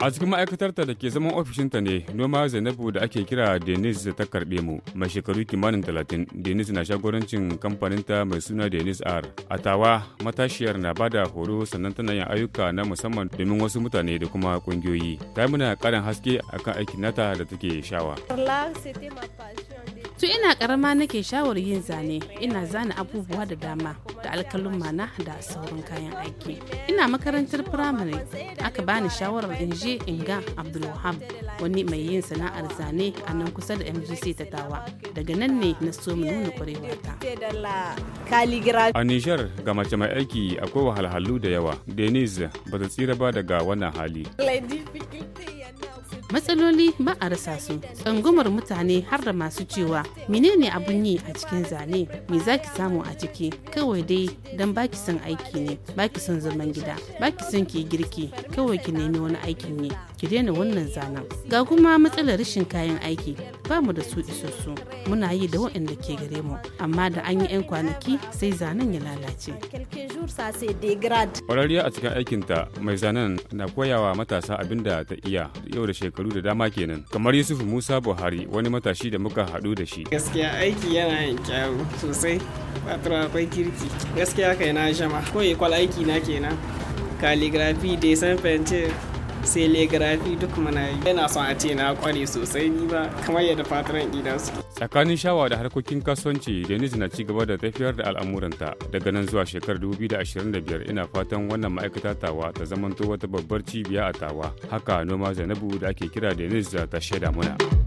A cikin ma'aikatarta da ke zaman ofishinta ne noma Zainabu da ake kira Denis ta karɓe mu mai shekaru kimanin talatin Denis na shagorancin kamfaninta mai suna Denis R. A tawa matashiyar na bada horo sannan tana yin ayyuka na musamman domin wasu mutane da kuma ƙungiyoyi. Ta muna ƙarin haske akan aikin nata da take shawa. tun ina karama nake shawar yin zane ina zana abubuwa da dama da alkalin mana da sauran kayan aiki ina makarantar firamare aka bani shawarar in je inga ga abdulwahab wani mai yin sana'ar zane a nan kusa da mgc ta tawa daga nan ne na so mu nuna kwarewata a nijar ga mace mai aiki akwai wahalhalu da yawa denise ba ta tsira ba daga wannan hali matsaloli ba a rasa su tsangwamar mutane har da masu cewa menene abun yi a cikin zane me zaki samu a ciki kawai dai dan baki son aiki ne baki son zaman gida baki son ki girki kawai ki nemi wani aikin ne. ki daina wannan zanen ga kuma matsalar rashin kayan aiki ba mu da su isassu muna yi da waɗanda ke gare mu amma da an yi 'yan kwanaki sai zanen ya lalace kwararriya a cikin aikinta mai zanen na koyawa matasa abin da ta iya yau da shekaru da dama kenan kamar yusuf musa buhari wani matashi da muka haɗu da shi gaskiya aiki yana yin kyawu sosai fatura akwai kirki gaskiya kai na shama koyi kwal aiki na kenan calligraphy san fencer sai legarafi duk muna yi yana son a ce na kware sosai ni ba kamar yadda fatan gidan su tsakanin shawa da harkokin kasuwanci denis na ci gaba da tafiyar da al'amuranta daga nan zuwa shekarar 2025 ina fatan wannan ma'aikata tawa ta zamanto wata babbar cibiya a tawa haka noma zainabu da ake kira denis za ta shaida muna.